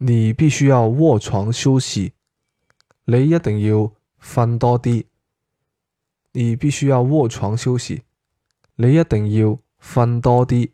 你必須要臥床休息，你一定要瞓多啲。你必須要臥床休息，你一定要瞓多啲。